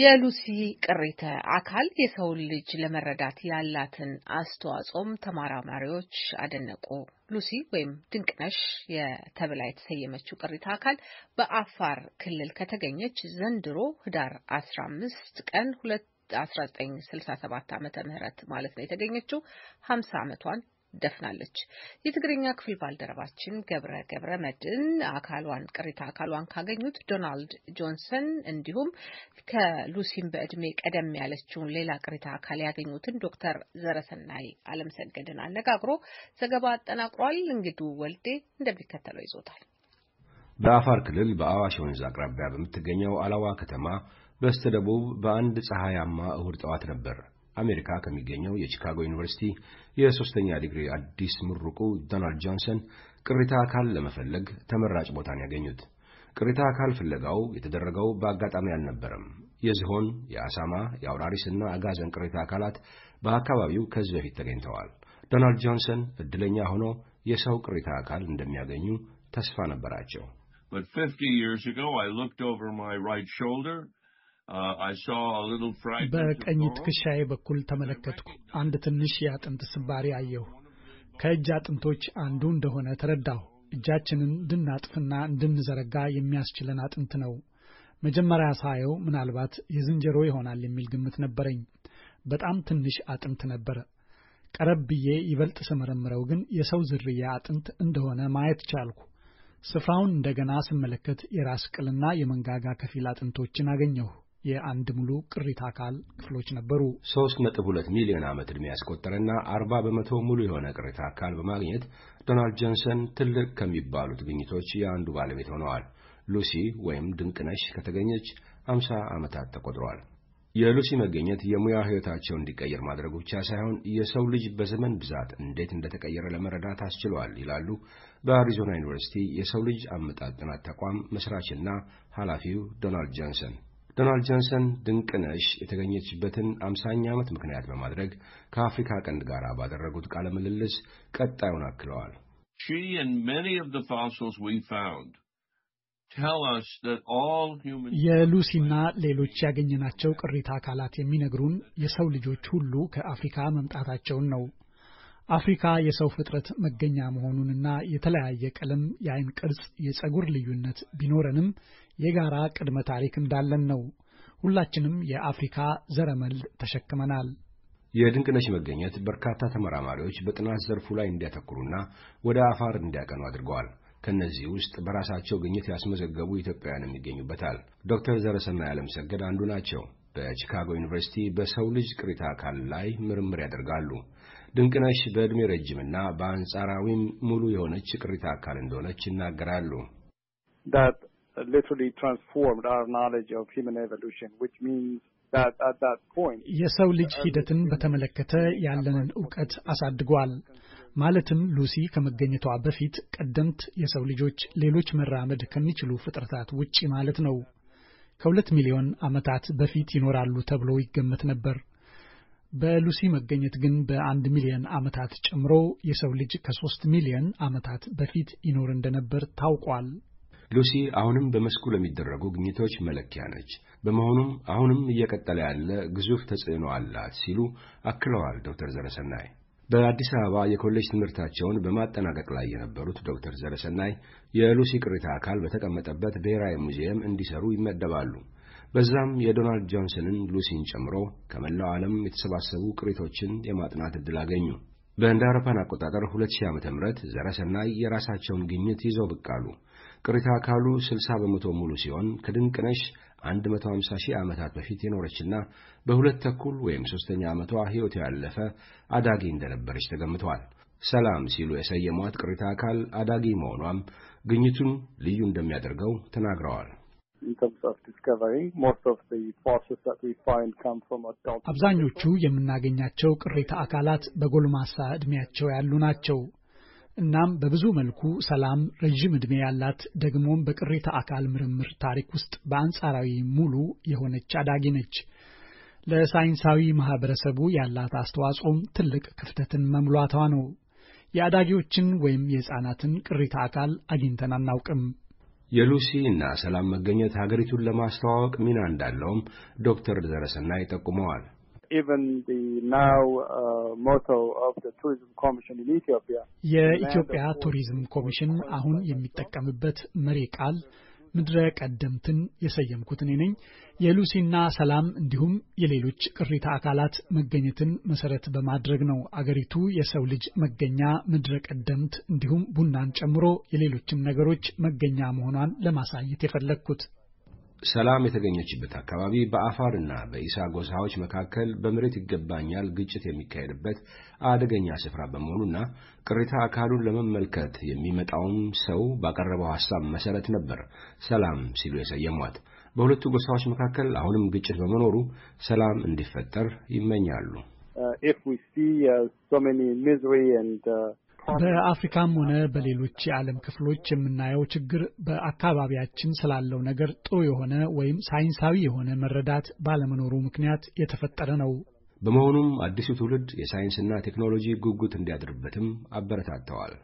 የሉሲ ቅሪተ አካል የሰውን ልጅ ለመረዳት ያላትን አስተዋጽኦም ተመራማሪዎች አደነቁ። ሉሲ ወይም ድንቅነሽ የተብላ የተሰየመችው ቅሪተ አካል በአፋር ክልል ከተገኘች ዘንድሮ ህዳር 15 ቀን 1967 ም ማለት ነው የተገኘችው 50 ዓመቷን ደፍናለች። የትግርኛ ክፍል ባልደረባችን ገብረ ገብረ መድን አካሏን ቅሪታ አካሏን ካገኙት ዶናልድ ጆንሰን እንዲሁም ከሉሲም በእድሜ ቀደም ያለችውን ሌላ ቅሪታ አካል ያገኙትን ዶክተር ዘረሰናይ አለምሰገድን አነጋግሮ ዘገባ አጠናቅሯል። እንግዱ ወልዴ እንደሚከተለው ይዞታል። በአፋር ክልል በአዋሽ ወንዝ አቅራቢያ በምትገኘው አላዋ ከተማ በስተደቡብ በአንድ ፀሐያማ እሁድ ጠዋት ነበር አሜሪካ ከሚገኘው የቺካጎ ዩኒቨርሲቲ የሶስተኛ ዲግሪ አዲስ ምሩቁ ዶናልድ ጆንሰን ቅሪታ አካል ለመፈለግ ተመራጭ ቦታን ያገኙት። ቅሪታ አካል ፍለጋው የተደረገው በአጋጣሚ አልነበረም። የዝሆን፣ የአሳማ፣ የአውራሪስና አጋዘን ቅሪታ አካላት በአካባቢው ከዚህ በፊት ተገኝተዋል። ዶናልድ ጆንሰን ዕድለኛ ሆነው የሰው ቅሪታ አካል እንደሚያገኙ ተስፋ ነበራቸው። But 50 years ago, I looked over my right shoulder Uh, በቀኝ ትከሻዬ በኩል ተመለከትኩ። አንድ ትንሽ የአጥንት ስባሪ አየሁ። ከእጅ አጥንቶች አንዱ እንደሆነ ተረዳሁ። እጃችንን እንድናጥፍና እንድንዘረጋ የሚያስችለን አጥንት ነው። መጀመሪያ ሳየው ምናልባት የዝንጀሮ ይሆናል የሚል ግምት ነበረኝ። በጣም ትንሽ አጥንት ነበር። ቀረብ ብዬ ይበልጥ ስመረምረው ግን የሰው ዝርያ አጥንት እንደሆነ ማየት ቻልኩ። ስፍራውን እንደገና ስመለከት የራስ ቅልና የመንጋጋ ከፊል አጥንቶችን አገኘሁ። የአንድ ሙሉ ቅሪተ አካል ክፍሎች ነበሩ። 3.2 ሚሊዮን ዓመት ዕድሜ ያስቆጠረና 40 በመቶ ሙሉ የሆነ ቅሪተ አካል በማግኘት ዶናልድ ጆንሰን ትልቅ ከሚባሉት ግኝቶች የአንዱ ባለቤት ሆነዋል። ሉሲ ወይም ድንቅነሽ ከተገኘች 50 ዓመታት ተቆጥረዋል። የሉሲ መገኘት የሙያ ሕይወታቸው እንዲቀየር ማድረጉ ብቻ ሳይሆን የሰው ልጅ በዘመን ብዛት እንዴት እንደተቀየረ ለመረዳት አስችሏል ይላሉ በአሪዞና ዩኒቨርሲቲ የሰው ልጅ አመጣጥ ጥናት ተቋም መስራችና ኃላፊው ዶናልድ ጆንሰን። ዶናልድ ጆንሰን ድንቅነሽ የተገኘችበትን አምሳኛ ዓመት ምክንያት በማድረግ ከአፍሪካ ቀንድ ጋር ባደረጉት ቃለ ምልልስ ቀጣዩን አክለዋል። የሉሲና ሌሎች ያገኘናቸው ቅሪተ አካላት የሚነግሩን የሰው ልጆች ሁሉ ከአፍሪካ መምጣታቸውን ነው። አፍሪካ የሰው ፍጥረት መገኛ መሆኑንና የተለያየ ቀለም፣ የአይን ቅርጽ፣ የፀጉር ልዩነት ቢኖረንም የጋራ ቅድመ ታሪክ እንዳለን ነው። ሁላችንም የአፍሪካ ዘረመል ተሸክመናል። የድንቅነሽ መገኘት በርካታ ተመራማሪዎች በጥናት ዘርፉ ላይ እንዲያተኩሩና ወደ አፋር እንዲያቀኑ አድርገዋል። ከእነዚህ ውስጥ በራሳቸው ግኝት ያስመዘገቡ ኢትዮጵያውያንም ይገኙበታል። ዶክተር ዘረሰናይ ዓለምሰገድ አንዱ ናቸው። በቺካጎ ዩኒቨርሲቲ በሰው ልጅ ቅሪተ አካል ላይ ምርምር ያደርጋሉ። ድንቅነሽ በዕድሜ ረጅምና በአንጻራዊም ሙሉ የሆነች ቅሪተ አካል እንደሆነች ይናገራሉ። የሰው ልጅ ሂደትን በተመለከተ ያለንን እውቀት አሳድጓል። ማለትም ሉሲ ከመገኘቷ በፊት ቀደምት የሰው ልጆች ሌሎች መራመድ ከሚችሉ ፍጥረታት ውጪ ማለት ነው። ከሁለት ሚሊዮን ዓመታት በፊት ይኖራሉ ተብሎ ይገመት ነበር። በሉሲ መገኘት ግን በአንድ ሚሊዮን ዓመታት ጨምሮ የሰው ልጅ ከሶስት ሚሊዮን ዓመታት በፊት ይኖር እንደነበር ታውቋል። ሉሲ አሁንም በመስኩ ለሚደረጉ ግኝቶች መለኪያ ነች። በመሆኑም አሁንም እየቀጠለ ያለ ግዙፍ ተጽዕኖ አላት ሲሉ አክለዋል ዶክተር ዘረሰናይ። በአዲስ አበባ የኮሌጅ ትምህርታቸውን በማጠናቀቅ ላይ የነበሩት ዶክተር ዘረሰናይ የሉሲ ቅሪታ አካል በተቀመጠበት ብሔራዊ ሙዚየም እንዲሰሩ ይመደባሉ። በዛም የዶናልድ ጆንሰንን ሉሲን ጨምሮ ከመላው ዓለም የተሰባሰቡ ቅሪቶችን የማጥናት ዕድል አገኙ። በእንደ አውሮፓን አቆጣጠር 2000 ም ዘረሰናይ የራሳቸውን ግኝት ይዘው ብቅ አሉ። አካሉ 60 በመቶ ሙሉ ሲሆን ከድንቅነሽ 150 ሺህ ዓመታት በፊት የኖረችና በሁለት ተኩል ወይም ሦስተኛ ዓመቷ ሕይወቷ ያለፈ አዳጊ እንደነበረች ተገምተዋል። ሰላም ሲሉ የሰየሟት ቅሪተ አካል አዳጊ መሆኗም ግኝቱን ልዩ እንደሚያደርገው ተናግረዋል። አብዛኞቹ የምናገኛቸው ቅሪተ አካላት በጎልማሳ ዕድሜያቸው ያሉ ናቸው። እናም በብዙ መልኩ ሰላም ረዥም ዕድሜ ያላት ደግሞም በቅሪተ አካል ምርምር ታሪክ ውስጥ በአንጻራዊ ሙሉ የሆነች አዳጊ ነች። ለሳይንሳዊ ማህበረሰቡ ያላት አስተዋጽኦም ትልቅ ክፍተትን መሙላቷ ነው። የአዳጊዎችን ወይም የሕፃናትን ቅሪተ አካል አግኝተን አናውቅም። የሉሲ እና ሰላም መገኘት ሀገሪቱን ለማስተዋወቅ ሚና እንዳለውም ዶክተር ዘረሰናይ ጠቁመዋል። Uh, የኢትዮጵያ ቱሪዝም ኮሚሽን አሁን የሚጠቀምበት መሪ ቃል ምድረ ቀደምትን የሰየምኩት እኔ ነኝ። የሉሲና ሰላም እንዲሁም የሌሎች ቅሪተ አካላት መገኘትን መሰረት በማድረግ ነው አገሪቱ የሰው ልጅ መገኛ ምድረ ቀደምት እንዲሁም ቡናን ጨምሮ የሌሎችም ነገሮች መገኛ መሆኗን ለማሳየት የፈለግኩት። ሰላም የተገኘችበት አካባቢ በአፋርና በኢሳ ጎሳዎች መካከል በመሬት ይገባኛል ግጭት የሚካሄድበት አደገኛ ስፍራ በመሆኑና ቅሪታ አካሉን ለመመልከት የሚመጣውም ሰው ባቀረበው ሐሳብ መሠረት ነበር ሰላም ሲሉ የሰየሟት። በሁለቱ ጎሳዎች መካከል አሁንም ግጭት በመኖሩ ሰላም እንዲፈጠር ይመኛሉ። uh, በአፍሪካም ሆነ በሌሎች የዓለም ክፍሎች የምናየው ችግር በአካባቢያችን ስላለው ነገር ጥሩ የሆነ ወይም ሳይንሳዊ የሆነ መረዳት ባለመኖሩ ምክንያት የተፈጠረ ነው። በመሆኑም አዲሱ ትውልድ የሳይንስና ቴክኖሎጂ ጉጉት እንዲያድርበትም አበረታተዋል።